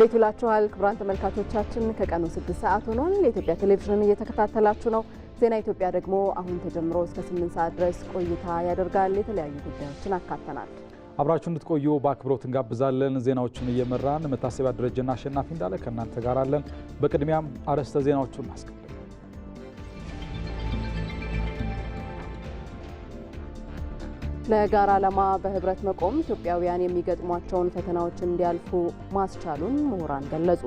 እንዴት ብላችኋል? ክቡራን ተመልካቾቻችን ከቀኑ ስድስት ሰዓት ሆኗል። የኢትዮጵያ ቴሌቪዥንን እየተከታተላችሁ ነው። ዜና ኢትዮጵያ ደግሞ አሁን ተጀምሮ እስከ ስምንት ሰዓት ድረስ ቆይታ ያደርጋል። የተለያዩ ጉዳዮችን አካተናል። አብራችሁ እንድትቆዩ በአክብሮት እንጋብዛለን። ዜናዎቹን እየመራን መታሰቢያ ደረጀና አሸናፊ እንዳለ ከእናንተ ጋር አለን። በቅድሚያም አርዕስተ ዜናዎቹን እናስቀድም። ለጋራ ዓላማ በህብረት መቆም ኢትዮጵያውያን የሚገጥሟቸውን ፈተናዎች እንዲያልፉ ማስቻሉን ምሁራን ገለጹ።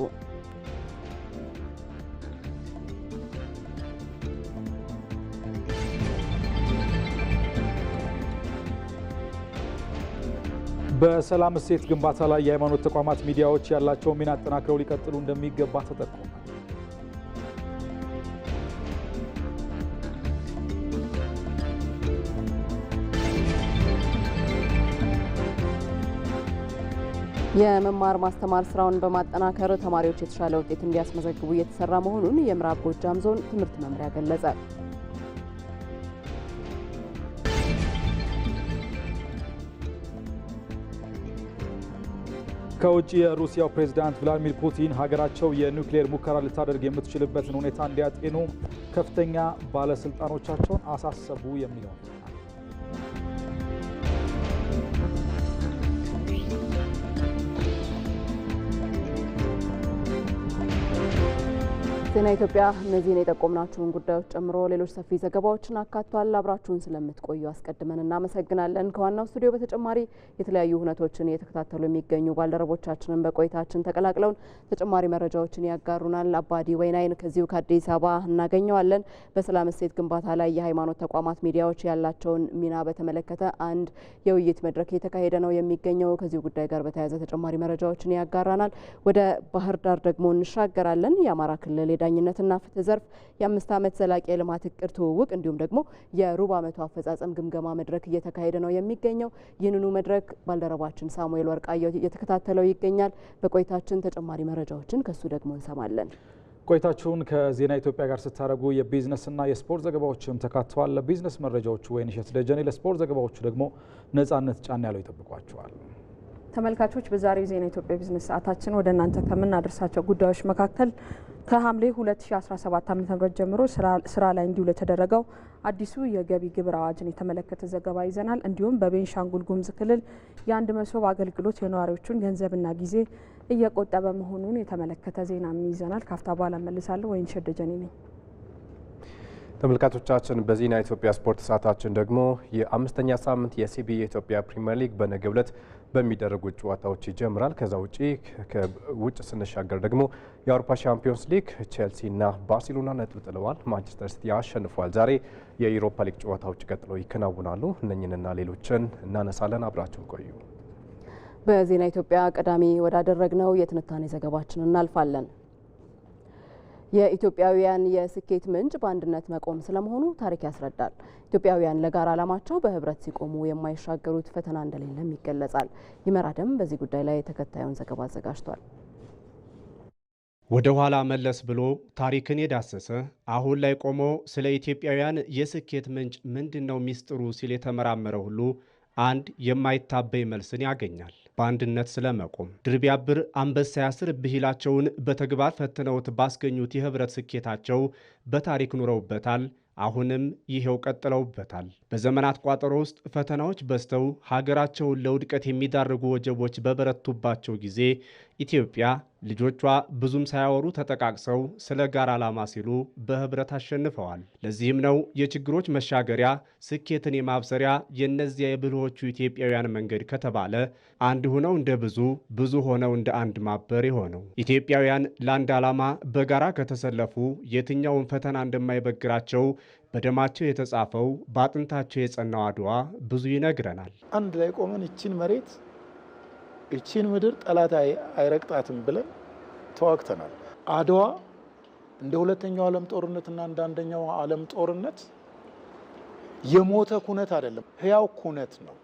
በሰላም እሴት ግንባታ ላይ የሃይማኖት ተቋማት ሚዲያዎች ያላቸውን ሚና አጠናክረው ሊቀጥሉ እንደሚገባ ተጠቆመ። የመማር ማስተማር ስራውን በማጠናከር ተማሪዎች የተሻለ ውጤት እንዲያስመዘግቡ እየተሰራ መሆኑን የምዕራብ ጎጃም ዞን ትምህርት መምሪያ ገለጸ። ከውጭ የሩሲያው ፕሬዝዳንት ቭላዲሚር ፑቲን ሀገራቸው የኒውክሌር ሙከራ ልታደርግ የምትችልበትን ሁኔታ እንዲያጤኑ ከፍተኛ ባለስልጣኖቻቸውን አሳሰቡ የሚለው ዜና ኢትዮጵያ እነዚህን የጠቆምናችሁን ጉዳዮች ጨምሮ ሌሎች ሰፊ ዘገባዎችን አካቷል። አብራችሁን ስለምትቆዩ አስቀድመን እናመሰግናለን። ከዋናው ስቱዲዮ በተጨማሪ የተለያዩ ሁነቶችን እየተከታተሉ የሚገኙ ባልደረቦቻችንን በቆይታችን ተቀላቅለውን ተጨማሪ መረጃዎችን ያጋሩናል። አባዲ ወይናይን ከዚሁ ከአዲስ አበባ እናገኘዋለን። በሰላም እሴት ግንባታ ላይ የሃይማኖት ተቋማት ሚዲያዎች ያላቸውን ሚና በተመለከተ አንድ የውይይት መድረክ እየተካሄደ ነው የሚገኘው። ከዚሁ ጉዳይ ጋር በተያያዘ ተጨማሪ መረጃዎችን ያጋራናል። ወደ ባህር ዳር ደግሞ እንሻገራለን። የአማራ ክልል በዳኝነትና ፍትህ ዘርፍ የአምስት ዓመት ዘላቂ የልማት እቅድ ትውውቅ እንዲሁም ደግሞ የሩብ ዓመቱ አፈጻጸም ግምገማ መድረክ እየተካሄደ ነው የሚገኘው። ይህንኑ መድረክ ባልደረባችን ሳሙኤል ወርቃየው እየተከታተለው ይገኛል። በቆይታችን ተጨማሪ መረጃዎችን ከሱ ደግሞ እንሰማለን። ቆይታችሁን ከዜና ኢትዮጵያ ጋር ስታደርጉ የቢዝነስና የስፖርት ዘገባዎችም ተካተዋል። ለቢዝነስ መረጃዎቹ ወይንሸት ደጀኔ፣ ለስፖርት ዘገባዎቹ ደግሞ ነጻነት ጫን ያለው ይጠብቋቸዋል። ተመልካቾች በዛሬው ዜና ኢትዮጵያ ቢዝነስ ሰዓታችን ወደ እናንተ ከምናደርሳቸው ጉዳዮች መካከል ከሐምሌ 2017 ዓም ጀምሮ ስራ ላይ እንዲውል የተደረገው አዲሱ የገቢ ግብር አዋጅን የተመለከተ ዘገባ ይዘናል። እንዲሁም በቤንሻንጉል ጉምዝ ክልል የአንድ መሶብ አገልግሎት የነዋሪዎቹን ገንዘብና ጊዜ እየቆጠበ መሆኑን የተመለከተ ዜናም ይዘናል። ካፍታ በኋላ መልሳለሁ። ወይን ሸደጀኔ ነኝ። ተመልካቾቻችን በዜና ኢትዮጵያ ስፖርት ሰዓታችን ደግሞ የአምስተኛ ሳምንት የሲቢ የኢትዮጵያ ፕሪምየር ሊግ በነገ ዕለት በሚደረጉ ጨዋታዎች ይጀምራል። ከዛ ውጪ ውጭ ስንሻገር ደግሞ የአውሮፓ ሻምፒዮንስ ሊግ ቼልሲና ባርሴሎና ነጥብ ጥለዋል። ማንቸስተር ሲቲ አሸንፏል። ዛሬ የዩሮፓ ሊግ ጨዋታዎች ቀጥለው ይከናውናሉ። እነኝንና ሌሎችን እናነሳለን። አብራችሁን ቆዩ። በዜና ኢትዮጵያ ቀዳሚ ወዳደረግነው የትንታኔ ዘገባችን እናልፋለን። የኢትዮጵያውያን የስኬት ምንጭ በአንድነት መቆም ስለመሆኑ ታሪክ ያስረዳል። ኢትዮጵያውያን ለጋራ ዓላማቸው በህብረት ሲቆሙ የማይሻገሩት ፈተና እንደሌለም ይገለጻል። ይመራደም በዚህ ጉዳይ ላይ ተከታዩን ዘገባ አዘጋጅቷል። ወደ ኋላ መለስ ብሎ ታሪክን የዳሰሰ አሁን ላይ ቆሞ ስለ ኢትዮጵያውያን የስኬት ምንጭ ምንድን ነው ሚስጥሩ ሲል የተመራመረ ሁሉ አንድ የማይታበይ መልስን ያገኛል። በአንድነት ስለመቆም ድር ቢያብር አንበሳ ያስር ብሂላቸውን በተግባር ፈትነውት ባስገኙት የህብረት ስኬታቸው በታሪክ ኑረውበታል። አሁንም ይሄው ቀጥለውበታል። በዘመናት ቋጠሮ ውስጥ ፈተናዎች በዝተው ሀገራቸውን ለውድቀት የሚዳርጉ ወጀቦች በበረቱባቸው ጊዜ ኢትዮጵያ ልጆቿ ብዙም ሳያወሩ ተጠቃቅሰው ስለ ጋራ ዓላማ ሲሉ በህብረት አሸንፈዋል። ለዚህም ነው የችግሮች መሻገሪያ ስኬትን የማብሰሪያ የእነዚያ የብልሆቹ ኢትዮጵያውያን መንገድ ከተባለ አንድ ሆነው እንደ ብዙ ብዙ ሆነው እንደ አንድ ማበር የሆነው። ኢትዮጵያውያን ለአንድ ዓላማ በጋራ ከተሰለፉ የትኛውን ፈተና እንደማይበግራቸው በደማቸው የተጻፈው በአጥንታቸው የጸናው አድዋ ብዙ ይነግረናል። አንድ ላይ ቆመን እችን መሬት እችን ምድር ጠላት አይረግጣትም ብለን ተዋግተናል። አድዋ እንደ ሁለተኛው ዓለም ጦርነትና እንደ አንደኛው ዓለም ጦርነት የሞተ ኩነት አይደለም፣ ህያው ኩነት ነው።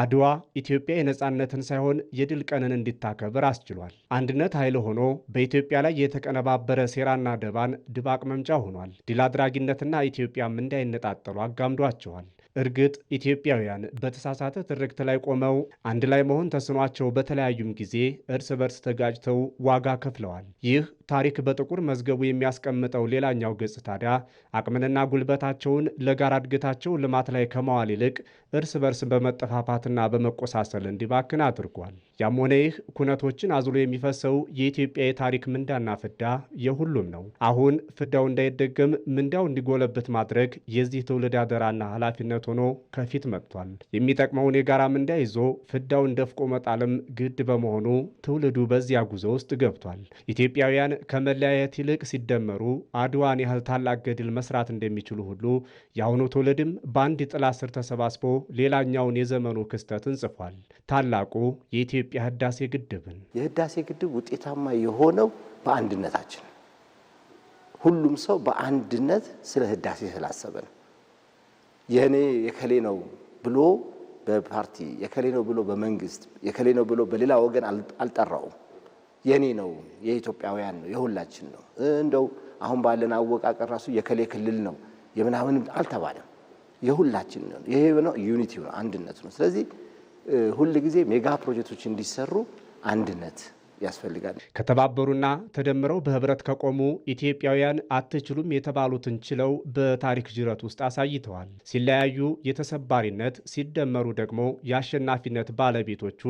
አድዋ ኢትዮጵያ የነፃነትን ሳይሆን የድል ቀንን እንዲታከብር አስችሏል። አንድነት ኃይል ሆኖ በኢትዮጵያ ላይ የተቀነባበረ ሴራና ደባን ድባቅ መምጫ ሆኗል። ድል አድራጊነትና ኢትዮጵያም እንዳይነጣጠሉ አጋምዷቸዋል። እርግጥ ኢትዮጵያውያን በተሳሳተ ትርክት ላይ ቆመው አንድ ላይ መሆን ተስኗቸው በተለያዩም ጊዜ እርስ በርስ ተጋጭተው ዋጋ ከፍለዋል። ይህ ታሪክ በጥቁር መዝገቡ የሚያስቀምጠው ሌላኛው ገጽ ታዲያ አቅምንና ጉልበታቸውን ለጋራ እድገታቸው ልማት ላይ ከማዋል ይልቅ እርስ በርስ በመጠፋፋትና በመቆሳሰል እንዲባክን አድርጓል። ያም ሆነ ይህ ኩነቶችን አዝሎ የሚፈሰው የኢትዮጵያ የታሪክ ምንዳና ፍዳ የሁሉም ነው። አሁን ፍዳው እንዳይደገም ምንዳው እንዲጎለብት ማድረግ የዚህ ትውልድ አደራና ኃላፊነት ሆኖ ከፊት መጥቷል። የሚጠቅመውን የጋራ ምንዳ ይዞ ፍዳውን ደፍቆ መጣልም ግድ በመሆኑ ትውልዱ በዚያ ጉዞ ውስጥ ገብቷል። ኢትዮጵያውያን ከመለያየት ይልቅ ሲደመሩ አድዋን ያህል ታላቅ ገድል መስራት እንደሚችሉ ሁሉ የአሁኑ ትውልድም በአንድ ጥላ ስር ተሰባስቦ ሌላኛውን የዘመኑ ክስተትን ጽፏል። ታላቁ የኢትዮጵያ ህዳሴ ግድብን የህዳሴ ግድብ ውጤታማ የሆነው በአንድነታችን ሁሉም ሰው በአንድነት ስለ ህዳሴ ስላሰበ ነው። የእኔ የከሌ ነው ብሎ በፓርቲ የከሌ ነው ብሎ በመንግስት የከሌ ነው ብሎ በሌላ ወገን አልጠራውም። የኔ ነው፣ የኢትዮጵያውያን ነው፣ የሁላችን ነው። እንደው አሁን ባለን አወቃቀር ራሱ የከሌ ክልል ነው የምናምን አልተባለም። የሁላችን ነው። ይሄ ነው ዩኒቲ ነው፣ አንድነት ነው። ስለዚህ ሁል ጊዜ ሜጋ ፕሮጀክቶች እንዲሰሩ አንድነት ያስፈልጋል። ከተባበሩና ተደምረው በህብረት ከቆሙ ኢትዮጵያውያን አትችሉም የተባሉትን ችለው በታሪክ ጅረት ውስጥ አሳይተዋል። ሲለያዩ የተሰባሪነት፣ ሲደመሩ ደግሞ የአሸናፊነት ባለቤቶቹ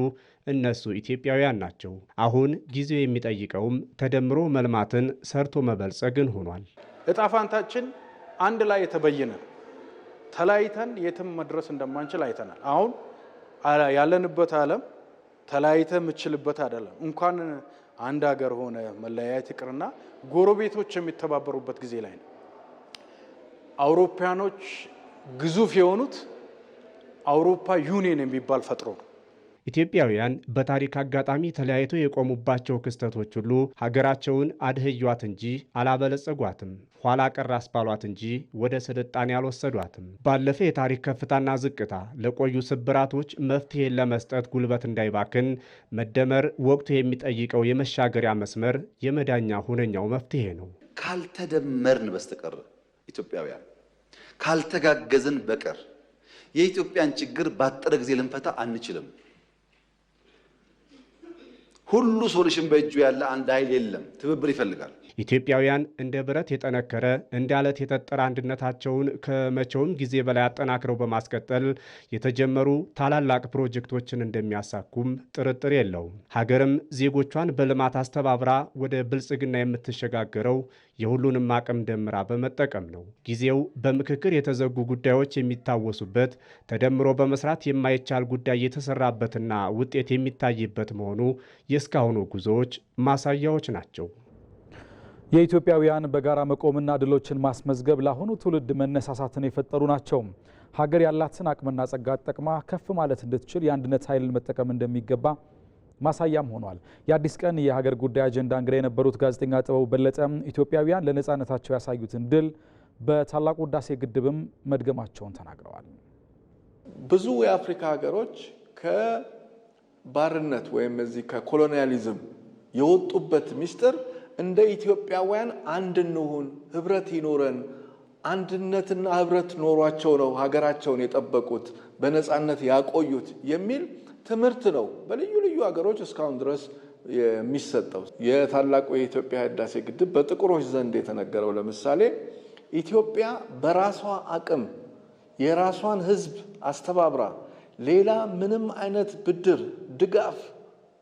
እነሱ ኢትዮጵያውያን ናቸው። አሁን ጊዜው የሚጠይቀውም ተደምሮ መልማትን ሰርቶ መበልጸግን ሆኗል። እጣፋንታችን አንድ ላይ የተበየነ ተለያይተን የትም መድረስ እንደማንችል አይተናል። አሁን ያለንበት ዓለም ተለያይተ የምችልበት አይደለም። እንኳን አንድ ሀገር ሆነ መለያየት ይቅርና ጎረቤቶች የሚተባበሩበት ጊዜ ላይ ነው። አውሮፓያኖች ግዙፍ የሆኑት አውሮፓ ዩኒየን የሚባል ፈጥሮ ነው። ኢትዮጵያውያን በታሪክ አጋጣሚ ተለያይተው የቆሙባቸው ክስተቶች ሁሉ ሀገራቸውን አድህያት እንጂ አላበለጸጓትም፣ ኋላ ቀር አስባሏት እንጂ ወደ ስልጣኔ አልወሰዷትም። ባለፈ የታሪክ ከፍታና ዝቅታ ለቆዩ ስብራቶች መፍትሄን ለመስጠት ጉልበት እንዳይባክን መደመር ወቅቱ የሚጠይቀው የመሻገሪያ መስመር የመዳኛ ሁነኛው መፍትሄ ነው። ካልተደመርን በስተቀር ኢትዮጵያውያን ካልተጋገዝን በቀር የኢትዮጵያን ችግር ባጠረ ጊዜ ልንፈታ አንችልም። ሁሉ ሶሉሽን በእጁ ያለ አንድ ኃይል የለም። ትብብር ይፈልጋል። ኢትዮጵያውያን እንደ ብረት የጠነከረ እንደ አለት የጠጠረ አንድነታቸውን ከመቼውም ጊዜ በላይ አጠናክረው በማስቀጠል የተጀመሩ ታላላቅ ፕሮጀክቶችን እንደሚያሳኩም ጥርጥር የለውም። ሀገርም ዜጎቿን በልማት አስተባብራ ወደ ብልጽግና የምትሸጋገረው የሁሉንም አቅም ደምራ በመጠቀም ነው። ጊዜው በምክክር የተዘጉ ጉዳዮች የሚታወሱበት ተደምሮ በመስራት የማይቻል ጉዳይ የተሰራበትና ውጤት የሚታይበት መሆኑ የእስካሁኑ ጉዞዎች ማሳያዎች ናቸው። የኢትዮጵያውያን በጋራ መቆምና ድሎችን ማስመዝገብ ለአሁኑ ትውልድ መነሳሳትን የፈጠሩ ናቸው። ሀገር ያላትን አቅምና ጸጋ ጠቅማ ከፍ ማለት እንድትችል የአንድነት ኃይልን መጠቀም እንደሚገባ ማሳያም ሆኗል። የአዲስ ቀን የሀገር ጉዳይ አጀንዳ እንግዳ የነበሩት ጋዜጠኛ ጥበቡ በለጠ ኢትዮጵያውያን ለነፃነታቸው ያሳዩትን ድል በታላቁ ዳሴ ግድብም መድገማቸውን ተናግረዋል። ብዙ የአፍሪካ ሀገሮች ከባርነት ወይም እዚህ ከኮሎኒያሊዝም የወጡበት ሚስጥር እንደ ኢትዮጵያውያን አንድ እንሁን፣ ህብረት ይኖረን። አንድነትና ህብረት ኖሯቸው ነው ሀገራቸውን የጠበቁት በነፃነት ያቆዩት የሚል ትምህርት ነው በልዩ ልዩ ሀገሮች እስካሁን ድረስ የሚሰጠው። የታላቁ የኢትዮጵያ ህዳሴ ግድብ በጥቁሮች ዘንድ የተነገረው ለምሳሌ ኢትዮጵያ በራሷ አቅም የራሷን ህዝብ አስተባብራ ሌላ ምንም አይነት ብድር ድጋፍ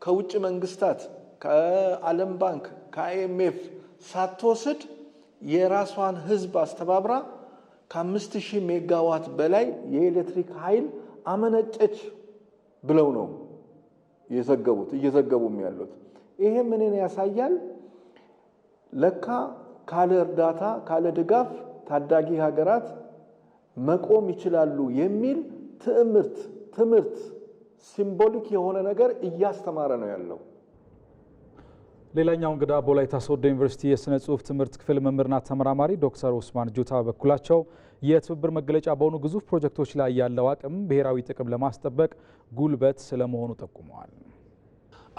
ከውጭ መንግስታት ከዓለም ባንክ ከአይኤምኤፍ ሳትወስድ የራሷን ህዝብ አስተባብራ ከአምስት ሺህ ሜጋዋት በላይ የኤሌክትሪክ ኃይል አመነጨች ብለው ነው የዘገቡት እየዘገቡም ያሉት። ይሄ ምንን ያሳያል? ለካ ካለ እርዳታ ካለ ድጋፍ ታዳጊ ሀገራት መቆም ይችላሉ የሚል ትምህርት ትምህርት ሲምቦሊክ የሆነ ነገር እያስተማረ ነው ያለው። ሌላኛው እንግዳ በወላይታ ሶዶ ዩኒቨርሲቲ የስነ ጽሁፍ ትምህርት ክፍል መምህርና ተመራማሪ ዶክተር ኡስማን ጁታ በበኩላቸው የትብብር መገለጫ በሆኑ ግዙፍ ፕሮጀክቶች ላይ ያለው አቅም ብሔራዊ ጥቅም ለማስጠበቅ ጉልበት ስለመሆኑ ጠቁመዋል።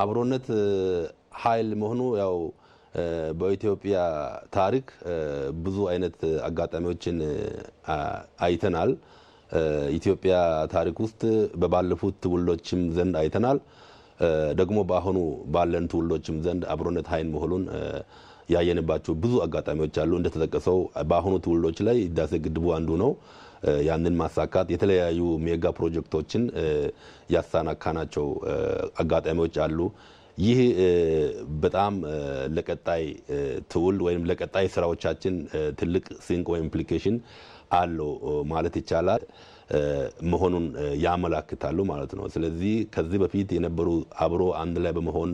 አብሮነት ኃይል መሆኑ ያው በኢትዮጵያ ታሪክ ብዙ አይነት አጋጣሚዎችን አይተናል። ኢትዮጵያ ታሪክ ውስጥ በባለፉት ትውልዶችም ዘንድ አይተናል። ደግሞ በአሁኑ ባለን ትውልዶችም ዘንድ አብሮነት ኃይል መሆኑን ያየንባቸው ብዙ አጋጣሚዎች አሉ። እንደተጠቀሰው በአሁኑ ትውልዶች ላይ ህዳሴ ግድቡ አንዱ ነው። ያንን ማሳካት የተለያዩ ሜጋ ፕሮጀክቶችን ያሳናካናቸው አጋጣሚዎች አሉ። ይህ በጣም ለቀጣይ ትውል ወይም ለቀጣይ ስራዎቻችን ትልቅ ሲንቅ ወይም ኢምፕሊኬሽን አለው ማለት ይቻላል። መሆኑን ያመላክታሉ ማለት ነው። ስለዚህ ከዚህ በፊት የነበሩ አብሮ አንድ ላይ በመሆን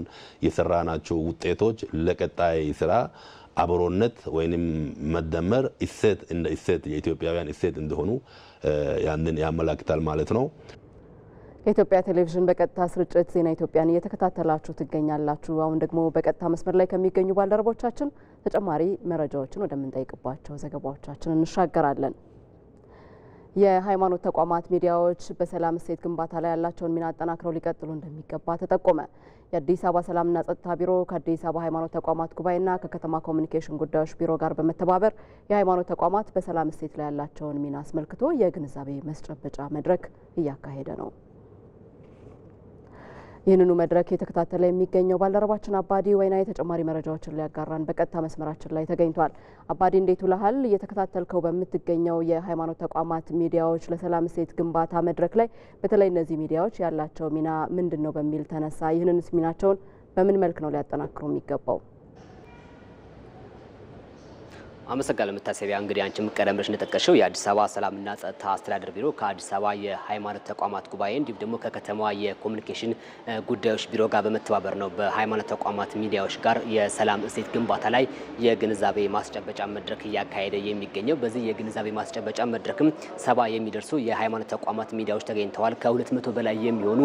የሰራናቸው ውጤቶች ለቀጣይ ስራ አብሮነት ወይም መደመር እሴት እንደ እሴት የኢትዮጵያውያን እሴት እንደሆኑ ያንን ያመላክታል ማለት ነው። የኢትዮጵያ ቴሌቪዥን በቀጥታ ስርጭት ዜና ኢትዮጵያን እየተከታተላችሁ ትገኛላችሁ። አሁን ደግሞ በቀጥታ መስመር ላይ ከሚገኙ ባልደረቦቻችን ተጨማሪ መረጃዎችን ወደምንጠይቅባቸው ዘገባዎቻችን እንሻገራለን። የሃይማኖት ተቋማት፣ ሚዲያዎች በሰላም እሴት ግንባታ ላይ ያላቸውን ሚና አጠናክረው ሊቀጥሉ እንደሚገባ ተጠቆመ። የአዲስ አበባ ሰላምና ጸጥታ ቢሮ ከአዲስ አበባ ሃይማኖት ተቋማት ጉባኤና ከከተማ ኮሚኒኬሽን ጉዳዮች ቢሮ ጋር በመተባበር የሃይማኖት ተቋማት በሰላም እሴት ላይ ያላቸውን ሚና አስመልክቶ የግንዛቤ መስጨበጫ መድረክ እያካሄደ ነው። ይህንኑ መድረክ የተከታተለ የሚገኘው ባልደረባችን አባዲ ወይና የተጨማሪ መረጃዎችን ሊያጋራን በቀጥታ መስመራችን ላይ ተገኝቷል። አባዲ እንዴት ውለሃል? እየተከታተልከው በምትገኘው የሃይማኖት ተቋማት ሚዲያዎች ለሰላም እሴት ግንባታ መድረክ ላይ በተለይ እነዚህ ሚዲያዎች ያላቸው ሚና ምንድን ነው በሚል ተነሳ። ይህንንስ ሚናቸውን በምን መልክ ነው ሊያጠናክሩ የሚገባው? አመሰግናለሁ መታሰቢያ። እንግዲህ አንቺም ቀደም ብለሽ እንደጠቀሽው የአዲስ አበባ ሰላምና ጸጥታ አስተዳደር ቢሮ ከአዲስ አበባ የሃይማኖት ተቋማት ጉባኤ እንዲሁም ደግሞ ከከተማዋ የኮሚኒኬሽን ጉዳዮች ቢሮ ጋር በመተባበር ነው በሃይማኖት ተቋማት ሚዲያዎች ጋር የሰላም እሴት ግንባታ ላይ የግንዛቤ ማስጨበጫ መድረክ እያካሄደ የሚገኘው። በዚህ የግንዛቤ ማስጨበጫ መድረክም ሰባ የሚደርሱ የሃይማኖት ተቋማት ሚዲያዎች ተገኝተዋል። ከሁለት መቶ በላይ የሚሆኑ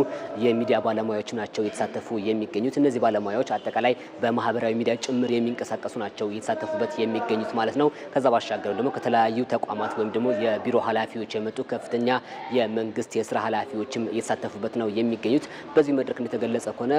የሚዲያ ባለሙያዎች ናቸው እየተሳተፉ የሚገኙት። እነዚህ ባለሙያዎች አጠቃላይ በማህበራዊ ሚዲያ ጭምር የሚንቀሳቀሱ ናቸው እየተሳተፉበት የሚገኙት ማለት ማለት ነው። ከዛ ባሻገር ደግሞ ከተለያዩ ተቋማት ወይም ደግሞ የቢሮ ኃላፊዎች የመጡ ከፍተኛ የመንግስት የስራ ኃላፊዎችም እየተሳተፉበት ነው የሚገኙት። በዚህ መድረክ እንደተገለጸ ከሆነ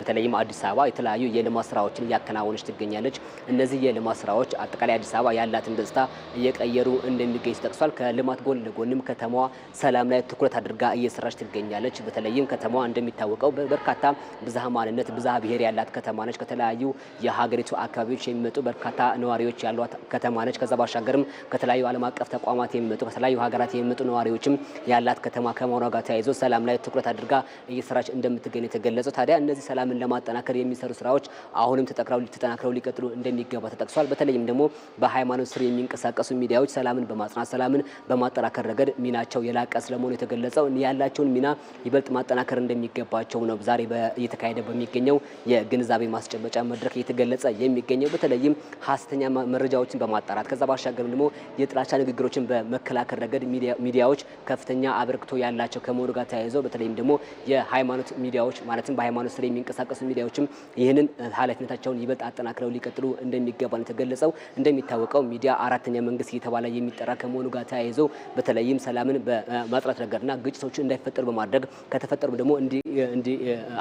በተለይም አዲስ አበባ የተለያዩ የልማት ስራዎችን እያከናወነች ትገኛለች። እነዚህ የልማት ስራዎች አጠቃላይ አዲስ አበባ ያላትን ገጽታ እየቀየሩ እንደሚገኝ ተጠቅሷል። ከልማት ጎን ለጎንም ከተማዋ ሰላም ላይ ትኩረት አድርጋ እየሰራች ትገኛለች። በተለይም ከተማዋ እንደሚታወቀው በርካታ ብዝሃ ማንነት ብዝሃ ብሔር ያላት ከተማ ነች። ከተለያዩ የሀገሪቱ አካባቢዎች የሚመጡ በርካታ ነዋሪዎች ያሏት ከተማ ነች። ከዛ ባሻገርም ከተለያዩ ዓለም አቀፍ ተቋማት የሚመጡ ከተለያዩ ሀገራት የሚመጡ ነዋሪዎችም ያላት ከተማ ከመሆኗ ጋር ተያይዞ ሰላም ላይ ትኩረት አድርጋ እየሰራች እንደምትገኝ የተገለጸው። ታዲያ እነዚህ ሰላምን ለማጠናከር የሚሰሩ ስራዎች አሁንም ተጠናክረው ሊቀጥሉ እንደሚገባ ተጠቅሷል። በተለይም ደግሞ በሃይማኖት ስር የሚንቀሳቀሱ ሚዲያዎች ሰላምን በማጽናት ሰላምን በማጠናከር ረገድ ሚናቸው የላቀ ስለመሆኑ የተገለጸው ያላቸውን ሚና ይበልጥ ማጠናከር እንደሚገባቸው ነው ዛሬ እየተካሄደ በሚገኘው የግንዛቤ ማስጨበጫ መድረክ እየተገለጸ የሚገኘው። በተለይም ሀሰተኛ መረጃዎችን ጉዳዮችን በማጣራት ከዛ ባሻገርም ደግሞ የጥላቻ ንግግሮችን በመከላከል ረገድ ሚዲያዎች ከፍተኛ አበርክቶ ያላቸው ከመሆኑ ጋር ተያይዘው በተለይም ደግሞ የሃይማኖት ሚዲያዎች ማለትም በሃይማኖት ስር የሚንቀሳቀሱ ሚዲያዎችም ይህንን ኃላፊነታቸውን ይበልጥ አጠናክረው ሊቀጥሉ እንደሚገባ ነው የተገለጸው። እንደሚታወቀው ሚዲያ አራተኛ መንግስት እየተባለ የሚጠራ ከመሆኑ ጋር ተያይዘው በተለይም ሰላምን በማጥራት ረገድና ግጭቶች እንዳይፈጠሩ በማድረግ ከተፈጠሩ ደግሞ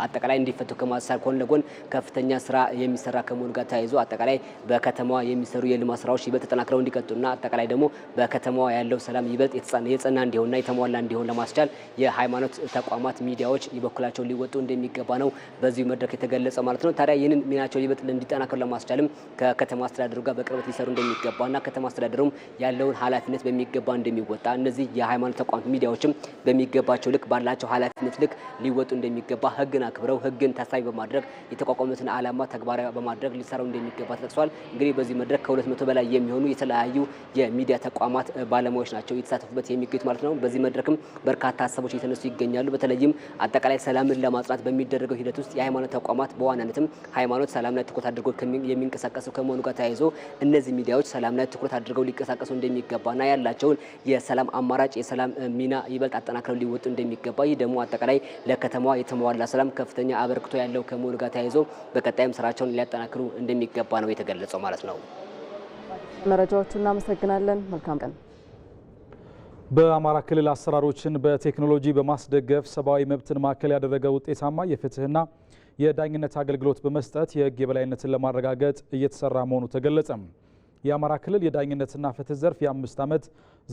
አጠቃላይ እንዲፈቱ ከማሳል ጎን ለጎን ከፍተኛ ስራ የሚሰራ ከመሆኑ ጋር ተያይዞ አጠቃላይ በከተማዋ የሚሰሩ የልማት ስራዎች ይበልጥ ተጠናክረው እንዲቀጡና አጠቃላይ ደግሞ በከተማዋ ያለው ሰላም ይበልጥ የጸና እንዲሆንና የተሟላ እንዲሆን ለማስቻል የሃይማኖት ተቋማት፣ ሚዲያዎች የበኩላቸው ሊወጡ እንደሚገባ ነው በዚሁ መድረክ የተገለጸ ማለት ነው። ታዲያ ይህንን ሚናቸው ይበልጥ እንዲጠናከሩ ለማስቻልም ከከተማ አስተዳደሩ ጋር በቅርበት ሊሰሩ እንደሚገባና ከተማ አስተዳደሩም ያለውን ኃላፊነት በሚገባ እንደሚወጣ እነዚህ የሃይማኖት ተቋማት ሚዲያዎችም በሚገባቸው ልክ ባላቸው ኃላፊነት ልክ ሊወጡ እንደሚገባ ህግን አክብረው ህግን ታሳቢ በማድረግ የተቋቋሙትን ዓላማ ተግባራዊ በማድረግ ሊሰራው እንደሚገባ ተጠቅሷል። እንግዲህ በዚህ መድረክ ከሁለት መቶ በላይ የሚሆኑ የተለያዩ የሚዲያ ተቋማት ባለሙያዎች ናቸው የተሳተፉበት የሚገኙት ማለት ነው። በዚህ መድረክም በርካታ ሀሳቦች እየተነሱ ይገኛሉ። በተለይም አጠቃላይ ሰላምን ለማጽናት በሚደረገው ሂደት ውስጥ የሃይማኖት ተቋማት በዋናነትም ሃይማኖት ሰላም ላይ ትኩረት አድርገው የሚንቀሳቀሱ ከመሆኑ ጋር ተያይዞ እነዚህ ሚዲያዎች ሰላም ላይ ትኩረት አድርገው ሊንቀሳቀሱ እንደሚገባና ያላቸውን የሰላም አማራጭ የሰላም ሚና ይበልጥ አጠናክረው ሊወጡ እንደሚገባ ይህ ደግሞ አጠቃላይ ለከተማዋ የተሟላ ሰላም ከፍተኛ አበርክቶ ያለው ከመሆኑ ጋር ተያይዞ በቀጣይም ስራቸውን ሊያጠናክሩ እንደሚገባ ነው የተገለጸው ማለት ነው። መረጃዎቹ እናመሰግናለን። መልካም ቀን። በአማራ ክልል አሰራሮችን በቴክኖሎጂ በማስደገፍ ሰብአዊ መብትን ማዕከል ያደረገ ውጤታማ የፍትህና የዳኝነት አገልግሎት በመስጠት የህግ የበላይነትን ለማረጋገጥ እየተሰራ መሆኑ ተገለጸ። የአማራ ክልል የዳኝነትና ፍትህ ዘርፍ የአምስት ዓመት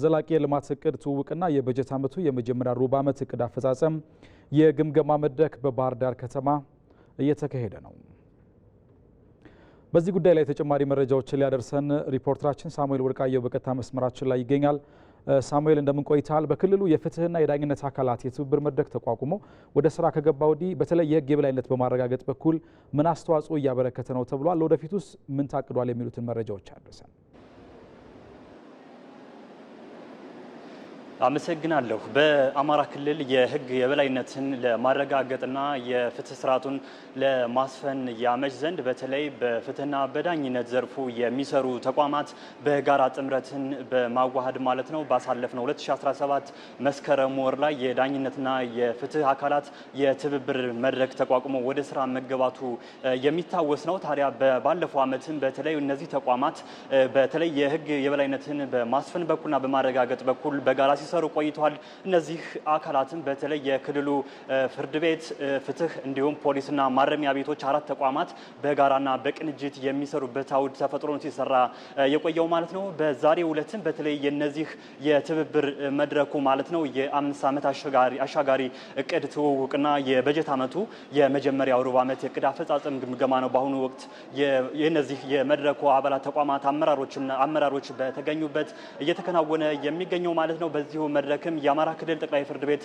ዘላቂ የልማት እቅድ ትውውቅና የበጀት ዓመቱ የመጀመሪያ ሩብ ዓመት እቅድ አፈጻጸም የግምገማ መድረክ በባህር ዳር ከተማ እየተካሄደ ነው። በዚህ ጉዳይ ላይ ተጨማሪ መረጃዎችን ሊያደርሰን ሪፖርተራችን ሳሙኤል ወርቃየው በቀጥታ መስመራችን ላይ ይገኛል። ሳሙኤል እንደምን ቆይታል? በክልሉ የፍትህና የዳኝነት አካላት የትብብር መድረክ ተቋቁሞ ወደ ስራ ከገባ ወዲህ በተለይ የህግ የበላይነት በማረጋገጥ በኩል ምን አስተዋጽኦ እያበረከተ ነው ተብሏል? ለወደፊት ውስጥ ምን ታቅዷል? የሚሉትን መረጃዎች አድርሰን አመሰግናለሁ። በአማራ ክልል የህግ የበላይነትን ለማረጋገጥና የፍትህ ስርዓቱን ለማስፈን ያመች ዘንድ በተለይ በፍትህና በዳኝነት ዘርፉ የሚሰሩ ተቋማት በጋራ ጥምረትን በማዋሃድ ማለት ነው ባሳለፍነው 2017 መስከረም ወር ላይ የዳኝነትና የፍትህ አካላት የትብብር መድረክ ተቋቁሞ ወደ ስራ መገባቱ የሚታወስ ነው። ታዲያ ባለፈው ዓመትም በተለይ እነዚህ ተቋማት በተለይ የህግ የበላይነትን በማስፈን በኩልና በማረጋገጥ በኩል በጋራ ሲሰሩ ቆይተዋል። እነዚህ አካላትም በተለይ የክልሉ ፍርድ ቤት፣ ፍትህ እንዲሁም ፖሊስና ማረሚያ ቤቶች አራት ተቋማት በጋራና በቅንጅት የሚሰሩበት አውድ ተፈጥሮ ነው ሲሰራ የቆየው ማለት ነው። በዛሬው ዕለትም በተለይ የነዚህ የትብብር መድረኩ ማለት ነው የአምስት ዓመት አሻጋሪ እቅድ ትውውቅና የበጀት ዓመቱ የመጀመሪያው ሩብ ዓመት የእቅድ አፈጻጸም ግምገማ ነው። በአሁኑ ወቅት የነዚህ የመድረኩ አባላት ተቋማት አመራሮች በተገኙበት እየተከናወነ የሚገኘው ማለት ነው። በዚህ በዚሁ መድረክም የአማራ ክልል ጠቅላይ ፍርድ ቤት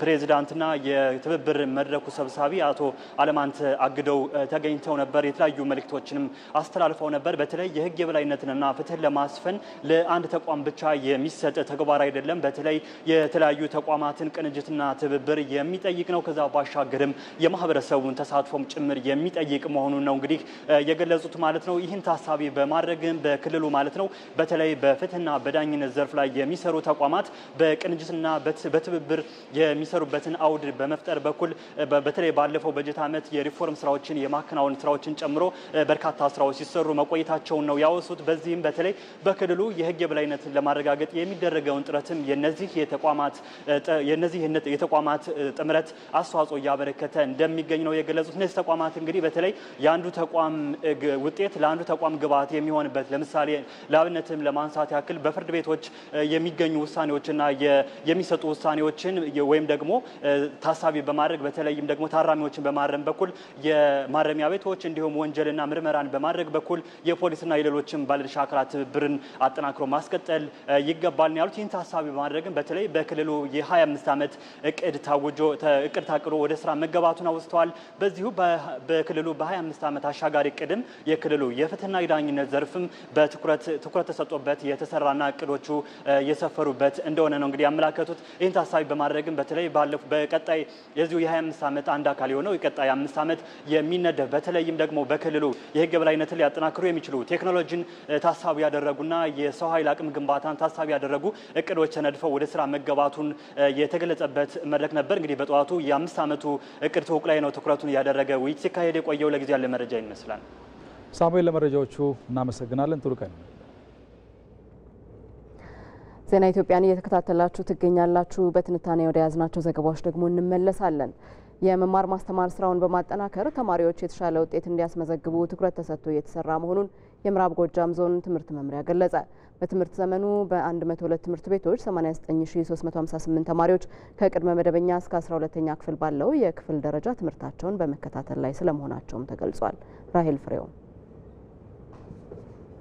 ፕሬዚዳንትና የትብብር መድረኩ ሰብሳቢ አቶ አለማንት አግደው ተገኝተው ነበር። የተለያዩ መልእክቶችንም አስተላልፈው ነበር። በተለይ የህግ የበላይነትንና ፍትህን ለማስፈን ለአንድ ተቋም ብቻ የሚሰጥ ተግባር አይደለም። በተለይ የተለያዩ ተቋማትን ቅንጅትና ትብብር የሚጠይቅ ነው። ከዛ ባሻገርም የማህበረሰቡን ተሳትፎም ጭምር የሚጠይቅ መሆኑን ነው እንግዲህ የገለጹት ማለት ነው። ይህን ታሳቢ በማድረግም በክልሉ ማለት ነው በተለይ በፍትህና በዳኝነት ዘርፍ ላይ የሚሰሩ ተቋማት በቅንጅትና በትብብር የሚሰሩበትን አውድ በመፍጠር በኩል በተለይ ባለፈው በጀት ዓመት የሪፎርም ስራዎችን የማከናወን ስራዎችን ጨምሮ በርካታ ስራዎች ሲሰሩ መቆየታቸውን ነው ያወሱት። በዚህም በተለይ በክልሉ የህግ የበላይነት ለማረጋገጥ የሚደረገውን ጥረትም የነዚህ የተቋማት የነዚህ የተቋማት ጥምረት አስተዋጽኦ እያበረከተ እንደሚገኝ ነው የገለጹት። እነዚህ ተቋማት እንግዲህ በተለይ የአንዱ ተቋም ውጤት ለአንዱ ተቋም ግብዓት የሚሆንበት ለምሳሌ ለአብነትም ለማንሳት ያክል በፍርድ ቤቶች የሚገኙ ውሳኔዎችና እና የሚሰጡ ውሳኔዎችን ወይም ደግሞ ታሳቢ በማድረግ በተለይም ደግሞ ታራሚዎችን በማረም በኩል የማረሚያ ቤቶች እንዲሁም ወንጀልና ምርመራን በማድረግ በኩል የፖሊስና የሌሎችም ባለድርሻ አካላት ትብብርን አጠናክሮ ማስቀጠል ይገባል ያሉት ይህን ታሳቢ በማድረግም በተለይ በክልሉ የ25 ዓመት እቅድ ታውጆ እቅድ ታቅዶ ወደ ስራ መገባቱን አውስተዋል። በዚሁ በክልሉ በ25 ዓመት አሻጋሪ እቅድም የክልሉ የፍትህና የዳኝነት ዘርፍም በትኩረት ተሰጦበት የተሰራና እቅዶቹ የሰፈሩበት እንደሆነ እንደሆነ ነው እንግዲህ ያመላከቱት። ይህን ታሳቢ በማድረግም በተለይ በቀጣይ የዚሁ የ25 ዓመት አንድ አካል የሆነው የቀጣይ አምስት ዓመት የሚነደፍ በተለይም ደግሞ በክልሉ የህግ የበላይነትን ሊያጠናክሩ የሚችሉ ቴክኖሎጂን ታሳቢ ያደረጉና የሰው ኃይል አቅም ግንባታን ታሳቢ ያደረጉ እቅዶች ተነድፈው ወደ ስራ መገባቱን የተገለጸበት መድረክ ነበር። እንግዲህ በጠዋቱ የአምስት ዓመቱ እቅድ ትውውቅ ላይ ነው ትኩረቱን እያደረገ ውይይት ሲካሄድ የቆየው። ለጊዜ ያለ መረጃ ይመስላል። ሳሙኤል፣ ለመረጃዎቹ እናመሰግናለን። ጥሩ ቀን ዜና ኢትዮጵያን እየተከታተላችሁ ትገኛላችሁ። በትንታኔ ወደ ያዝናቸው ዘገባዎች ደግሞ እንመለሳለን። የመማር ማስተማር ስራውን በማጠናከር ተማሪዎች የተሻለ ውጤት እንዲያስመዘግቡ ትኩረት ተሰጥቶ እየተሰራ መሆኑን የምዕራብ ጎጃም ዞን ትምህርት መምሪያ ገለጸ። በትምህርት ዘመኑ በ102 ትምህርት ቤቶች 89358 ተማሪዎች ከቅድመ መደበኛ እስከ 12ተኛ ክፍል ባለው የክፍል ደረጃ ትምህርታቸውን በመከታተል ላይ ስለመሆናቸውም ተገልጿል። ራሄል ፍሬው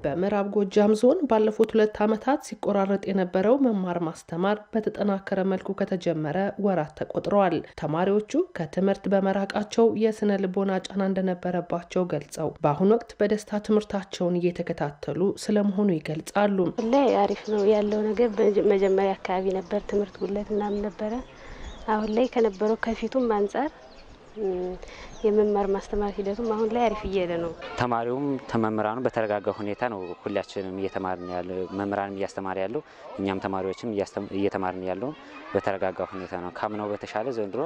በምዕራብ ጎጃም ዞን ባለፉት ሁለት ዓመታት ሲቆራረጥ የነበረው መማር ማስተማር በተጠናከረ መልኩ ከተጀመረ ወራት ተቆጥረዋል። ተማሪዎቹ ከትምህርት በመራቃቸው የስነ ልቦና ጫና እንደነበረባቸው ገልጸው በአሁኑ ወቅት በደስታ ትምህርታቸውን እየተከታተሉ ስለመሆኑ ይገልጻሉ። ላይ አሪፍ ነው ያለው ነገር። መጀመሪያ አካባቢ ነበር ትምህርት ጉለት ምናምን ነበረ። አሁን ላይ ከነበረው ከፊቱም አንጻር የመማር ማስተማር ሂደቱም አሁን ላይ አሪፍ እየሄደ ነው። ተማሪውም መምህራኑ በተረጋጋ ሁኔታ ነው ሁላችንም እየተማርን ያለ መምህራንም እያስተማር ያለው እኛም ተማሪዎችም እየተማርን ያለው በተረጋጋ ሁኔታ ነው። ካምናው በተሻለ ዘንድሮ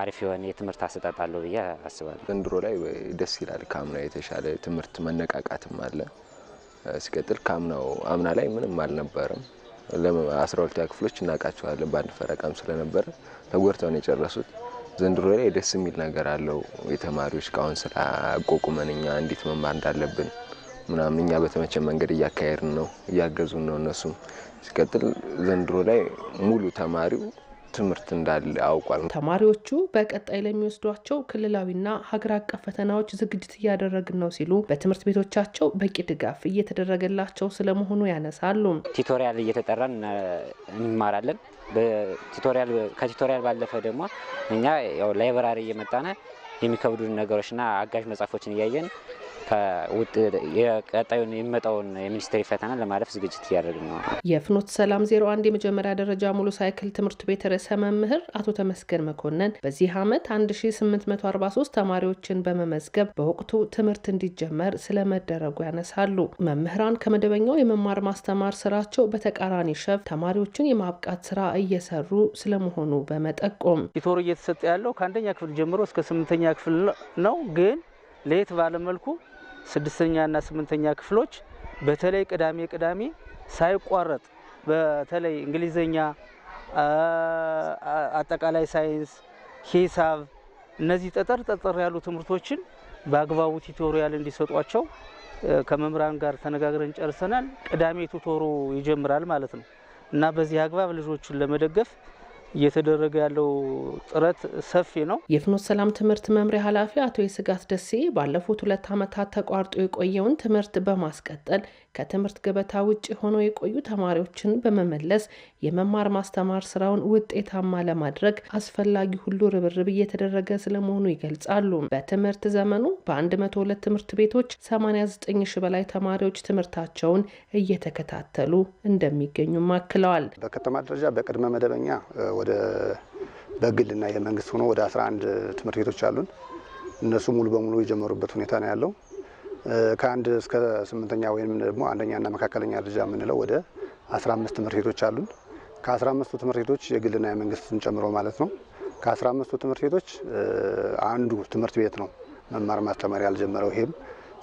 አሪፍ የሆነ የትምህርት አሰጣጥ አለው ብዬ አስባለሁ። ዘንድሮ ላይ ደስ ይላል። ካምና የተሻለ ትምህርት መነቃቃትም አለ። ሲቀጥል ካምናው አምና ላይ ምንም አልነበረም። ለአስራ ሁለተኛ ክፍሎች እናውቃቸዋለን በአንድ ፈረቃም ስለነበረ ነው የጨረሱት ዘንድሮ ላይ ደስ የሚል ነገር አለው። የተማሪዎች ከአሁን ስራ አቋቁመን እኛ እንዴት መማር እንዳለብን ምናምን እኛ በተመቸ መንገድ እያካሄድን ነው፣ እያገዙን ነው እነሱም። ሲቀጥል ዘንድሮ ላይ ሙሉ ተማሪው ትምህርት እንዳለ አውቋል። ተማሪዎቹ በቀጣይ ለሚወስዷቸው ክልላዊና ሀገር አቀፍ ፈተናዎች ዝግጅት እያደረግን ነው ሲሉ በትምህርት ቤቶቻቸው በቂ ድጋፍ እየተደረገላቸው ስለመሆኑ ያነሳሉ። ቲቶሪያል እየተጠራን እንማራለን። ከቱቶሪያል ባለፈ ደግሞ እኛ ላይብራሪ እየመጣነ የሚከብዱን ነገሮችና አጋዥ መጽሐፎችን እያየን ቀጣዩን የሚመጣውን የሚኒስቴር ፈተና ለማለፍ ዝግጅት እያደረግን ነው። የፍኖት ሰላም አንድ የመጀመሪያ ደረጃ ሙሉ ሳይክል ትምህርት ቤት ርዕሰ መምህር አቶ ተመስገን መኮንን በዚህ ዓመት 1843 ተማሪዎችን በመመዝገብ በወቅቱ ትምህርት እንዲጀመር ስለመደረጉ ያነሳሉ። መምህራን ከመደበኛው የመማር ማስተማር ስራቸው በተቃራኒ ሸፍ ተማሪዎችን የማብቃት ስራ እየሰሩ ስለመሆኑ በመጠቆም ቲቶር እየተሰጠ ያለው ከአንደኛ ክፍል ጀምሮ እስከ ስምንተኛ ክፍል ነው ግን ለየት ባለመልኩ ስድስተኛና ስምንተኛ ክፍሎች በተለይ ቅዳሜ ቅዳሜ ሳይቋረጥ በተለይ እንግሊዘኛ፣ አጠቃላይ ሳይንስ፣ ሂሳብ እነዚህ ጠጠር ጠጠር ያሉ ትምህርቶችን በአግባቡ ቲቶሪያል እንዲሰጧቸው ከመምህራን ጋር ተነጋግረን ጨርሰናል። ቅዳሜ ቱቶሮ ይጀምራል ማለት ነው እና በዚህ አግባብ ልጆቹን ለመደገፍ እየተደረገ ያለው ጥረት ሰፊ ነው። የፍኖት ሰላም ትምህርት መምሪያ ኃላፊ አቶ የስጋት ደሴ ባለፉት ሁለት ዓመታት ተቋርጦ የቆየውን ትምህርት በማስቀጠል ከትምህርት ገበታ ውጭ ሆነው የቆዩ ተማሪዎችን በመመለስ የመማር ማስተማር ስራውን ውጤታማ ለማድረግ አስፈላጊ ሁሉ ርብርብ እየተደረገ ስለመሆኑ ይገልጻሉ። በትምህርት ዘመኑ በ102 ትምህርት ቤቶች 89 ሺ በላይ ተማሪዎች ትምህርታቸውን እየተከታተሉ እንደሚገኙም አክለዋል። በከተማ ደረጃ በቅድመ መደበኛ ወደ በግልና የመንግስት ሆኖ ወደ 11 ትምህርት ቤቶች አሉን። እነሱ ሙሉ በሙሉ የጀመሩበት ሁኔታ ነው ያለው። ከአንድ እስከ ስምንተኛ ወይም ደግሞ አንደኛና መካከለኛ ደረጃ የምንለው ወደ 15 ትምህርት ቤቶች አሉን። ከ15ቱ ትምህርት ቤቶች የግልና የመንግስትን ጨምሮ ማለት ነው። ከ15ቱ ትምህርት ቤቶች አንዱ ትምህርት ቤት ነው መማር ማስተማር ያልጀመረው። ይሄም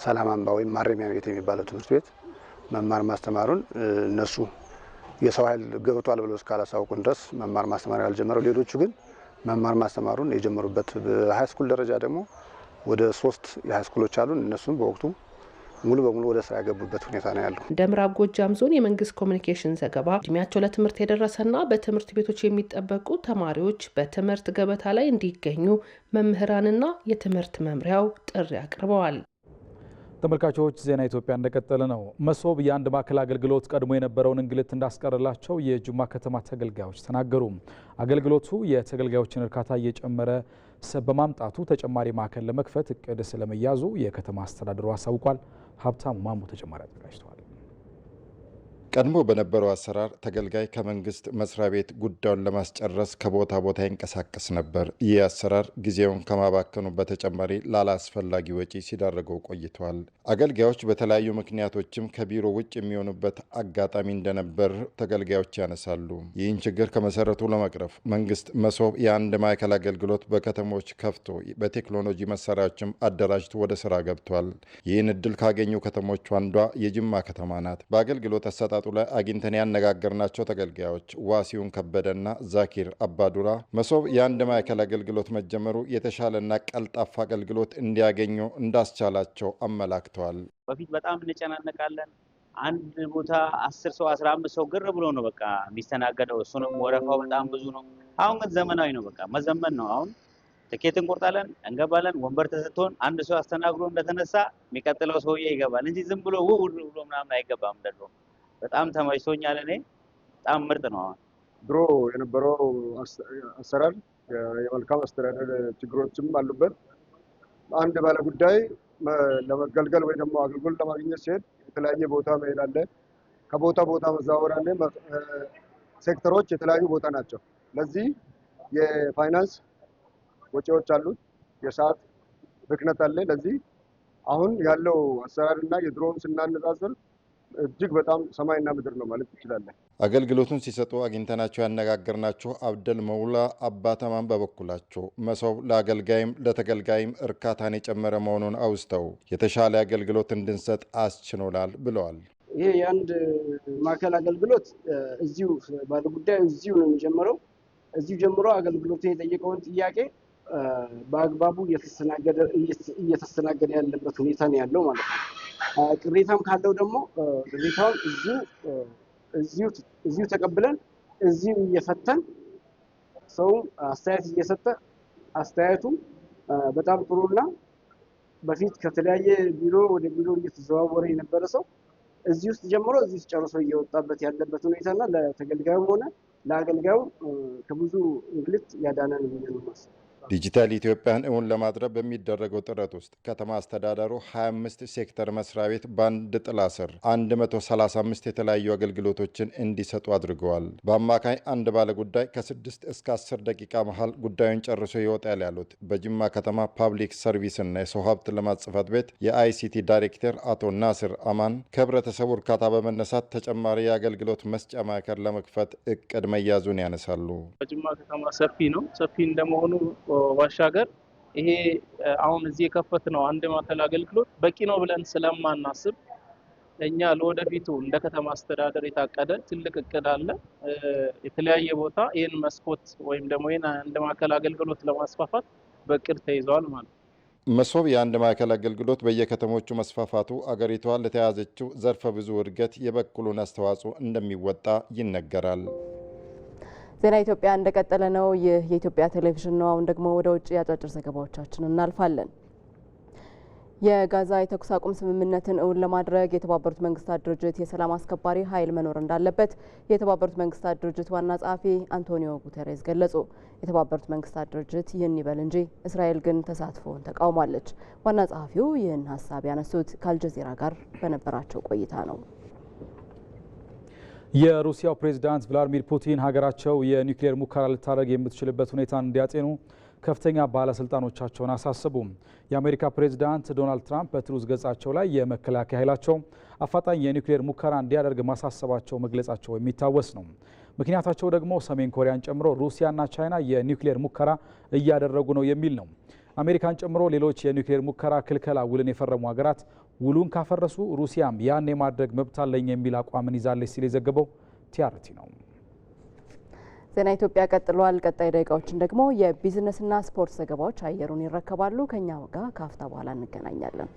ሰላም አምባ ወይም ማረሚያ ቤት የሚባለው ትምህርት ቤት መማር ማስተማሩን እነሱ የሰው ኃይል ገብቷል ብለው እስካላሳውቁን ድረስ መማር ማስተማር ያልጀመረው፣ ሌሎቹ ግን መማር ማስተማሩን የጀመሩበት በሃይስኩል ደረጃ ደግሞ ወደ ሶስት የሃይስኩሎች አሉን። እነሱም በወቅቱ ሙሉ በሙሉ ወደ ስራ የገቡበት ሁኔታ ነው ያለው። እንደ ምዕራብ ጎጃም ዞን የመንግስት ኮሚኒኬሽን ዘገባ እድሜያቸው ለትምህርት የደረሰና በትምህርት ቤቶች የሚጠበቁ ተማሪዎች በትምህርት ገበታ ላይ እንዲገኙ መምህራንና የትምህርት መምሪያው ጥሪ አቅርበዋል። ተመልካቾች ዜና ኢትዮጵያ እንደቀጠለ ነው። መሶብ የአንድ ማዕከል አገልግሎት ቀድሞ የነበረውን እንግልት እንዳስቀረላቸው የጅማ ከተማ ተገልጋዮች ተናገሩ። አገልግሎቱ የተገልጋዮችን እርካታ እየጨመረ በማምጣቱ ተጨማሪ ማዕከል ለመክፈት እቅድ ስለመያዙ የከተማ አስተዳደሩ አሳውቋል። ሀብታሙ ማሙ ተጨማሪ አዘጋጅተዋል። ቀድሞ በነበረው አሰራር ተገልጋይ ከመንግስት መስሪያ ቤት ጉዳዩን ለማስጨረስ ከቦታ ቦታ ይንቀሳቀስ ነበር። ይህ አሰራር ጊዜውን ከማባከኑ በተጨማሪ ላላስፈላጊ ወጪ ሲዳረገው ቆይተዋል። አገልጋዮች በተለያዩ ምክንያቶችም ከቢሮ ውጭ የሚሆኑበት አጋጣሚ እንደነበር ተገልጋዮች ያነሳሉ። ይህን ችግር ከመሰረቱ ለመቅረፍ መንግስት መሶብ የአንድ ማዕከል አገልግሎት በከተሞች ከፍቶ በቴክኖሎጂ መሳሪያዎችም አደራጅቶ ወደ ስራ ገብቷል። ይህን እድል ካገኙ ከተሞች አንዷ የጅማ ከተማ ናት። በአገልግሎት አሰጣጡ ላይ አግኝተን ያነጋገርናቸው ተገልጋዮች ዋሲውን ከበደና ዛኪር አባዱራ መሶብ የአንድ ማዕከል አገልግሎት መጀመሩ የተሻለና ቀልጣፋ አገልግሎት እንዲያገኙ እንዳስቻላቸው አመላክተዋል። በፊት በጣም እንጨናነቃለን። አንድ ቦታ አስር ሰው አስራ አምስት ሰው ግር ብሎ ነው በቃ የሚስተናገደው። እሱንም ወረፋው በጣም ብዙ ነው። አሁን ግን ዘመናዊ ነው። በቃ መዘመን ነው አሁን ትኬት እንቆርጣለን፣ እንገባለን። ወንበር ተሰጥቶን አንድ ሰው አስተናግዶ እንደተነሳ የሚቀጥለው ሰውዬ ይገባል እንጂ ዝም ብሎ ውር ብሎ ምናምን አይገባም። ደግሞ በጣም ተመችቶኛል። እኔ በጣም ምርጥ ነው። ድሮ የነበረው አሰራር የመልካም አስተዳደር ችግሮችም አሉበት። አንድ ባለጉዳይ ለመገልገል ወይ ደግሞ አገልግሎት ለማግኘት ሲሄድ የተለያየ ቦታ መሄድ አለ፣ ከቦታ ቦታ መዘዋወር አለ። ሴክተሮች የተለያዩ ቦታ ናቸው። ለዚህ የፋይናንስ ወጪዎች አሉት፣ የሰዓት ብክነት አለ። ለዚህ አሁን ያለው አሰራርና የድሮውን ስናነጻጽር እጅግ በጣም ሰማይና ምድር ነው ማለት ትችላለን። አገልግሎቱን ሲሰጡ አግኝተናቸው ያነጋገርናቸው አብደል መውላ አባተማን በበኩላቸው መሶብ ለአገልጋይም ለተገልጋይም እርካታን የጨመረ መሆኑን አውስተው የተሻለ አገልግሎት እንድንሰጥ አስችኖላል ብለዋል። ይሄ የአንድ ማዕከል አገልግሎት እዚሁ ባለ ጉዳዩ እዚሁ ነው የሚጀምረው። እዚሁ ጀምሮ አገልግሎቱ የጠየቀውን ጥያቄ በአግባቡ እየተስተናገደ ያለበት ሁኔታ ነው ያለው ማለት ነው። ቅሬታም ካለው ደግሞ ቅሬታውን እዚሁ ተቀብለን እዚሁ እየፈተን ሰው አስተያየት እየሰጠ አስተያየቱ በጣም ጥሩና በፊት ከተለያየ ቢሮ ወደ ቢሮ እየተዘዋወረ የነበረ ሰው እዚህ ውስጥ ጀምሮ እዚህ ውስጥ ጨርሶ እየወጣበት ያለበት ሁኔታና ለተገልጋዩም ሆነ ለአገልጋዩም ከብዙ እንግልት ያዳነን ብዬ ነው የማስበው። ዲጂታል ኢትዮጵያን እውን ለማድረግ በሚደረገው ጥረት ውስጥ ከተማ አስተዳደሩ 25 ሴክተር መስሪያ ቤት በአንድ ጥላ ስር 135 የተለያዩ አገልግሎቶችን እንዲሰጡ አድርገዋል። በአማካኝ አንድ ባለ ጉዳይ ከ6 እስከ 10 ደቂቃ መሃል ጉዳዩን ጨርሶ ይወጣል ያሉት በጅማ ከተማ ፓብሊክ ሰርቪስና የሰው ሀብት ልማት ጽፈት ቤት የአይሲቲ ዳይሬክተር አቶ ናስር አማን ከህብረተሰቡ እርካታ በመነሳት ተጨማሪ የአገልግሎት መስጫ ማዕከል ለመክፈት እቅድ መያዙን ያነሳሉ። በጅማ ከተማ ሰፊ ነው። ሰፊ እንደመሆኑ ባሻገር ይሄ አሁን እዚህ ነው አንድ ማዕከል አገልግሎት በቂ ነው ብለን ስለማናስብ እኛ ለወደፊቱ እንደ ከተማ አስተዳደር የታቀደ ትልቅ እቅድ አለ። የተለያየ ቦታ ይህን መስኮት ወይም ደግሞ ይህን አንድ ማዕከል አገልግሎት ለማስፋፋት በእቅድ ተይዘዋል ማለት ነው። መሶብ የአንድ ማዕከል አገልግሎት በየከተሞቹ መስፋፋቱ አገሪቷ ለተያዘችው ዘርፈ ብዙ እድገት የበኩሉን አስተዋጽኦ እንደሚወጣ ይነገራል። ዜና ኢትዮጵያ እንደቀጠለ ነው። ይህ የኢትዮጵያ ቴሌቪዥን ነው። አሁን ደግሞ ወደ ውጭ አጫጭር ዘገባዎቻችን እናልፋለን። የጋዛ የተኩስ አቁም ስምምነትን እውን ለማድረግ የተባበሩት መንግስታት ድርጅት የሰላም አስከባሪ ኃይል መኖር እንዳለበት የተባበሩት መንግስታት ድርጅት ዋና ጸሐፊ አንቶኒዮ ጉተሬዝ ገለጹ። የተባበሩት መንግስታት ድርጅት ይህን ይበል እንጂ እስራኤል ግን ተሳትፎን ተቃውማለች። ዋና ጸሐፊው ይህን ሀሳብ ያነሱት ከአልጀዚራ ጋር በነበራቸው ቆይታ ነው። የሩሲያው ፕሬዝዳንት ቭላዲሚር ፑቲን ሀገራቸው የኒውክሌር ሙከራ ልታደርግ የምትችልበት ሁኔታ እንዲያጤኑ ከፍተኛ ባለስልጣኖቻቸውን አሳሰቡ። የአሜሪካ ፕሬዝዳንት ዶናልድ ትራምፕ በትሩዝ ገጻቸው ላይ የመከላከያ ኃይላቸው አፋጣኝ የኒውክሌር ሙከራ እንዲያደርግ ማሳሰባቸው መግለጻቸው የሚታወስ ነው። ምክንያታቸው ደግሞ ሰሜን ኮሪያን ጨምሮ ሩሲያና ቻይና የኒውክሌር ሙከራ እያደረጉ ነው የሚል ነው። አሜሪካን ጨምሮ ሌሎች የኒውክሌር ሙከራ ክልከላ ውልን የፈረሙ ሀገራት ውሉን ካፈረሱ ሩሲያም ያን የማድረግ መብት አለኝ የሚል አቋምን ይዛለች ሲል የዘገበው ቲአርቲ ነው። ዜና ኢትዮጵያ ቀጥሏል። ቀጣይ ደቂቃዎችን ደግሞ የቢዝነስና ስፖርት ዘገባዎች አየሩን ይረከባሉ። ከኛ ጋር ከአፍታ በኋላ እንገናኛለን።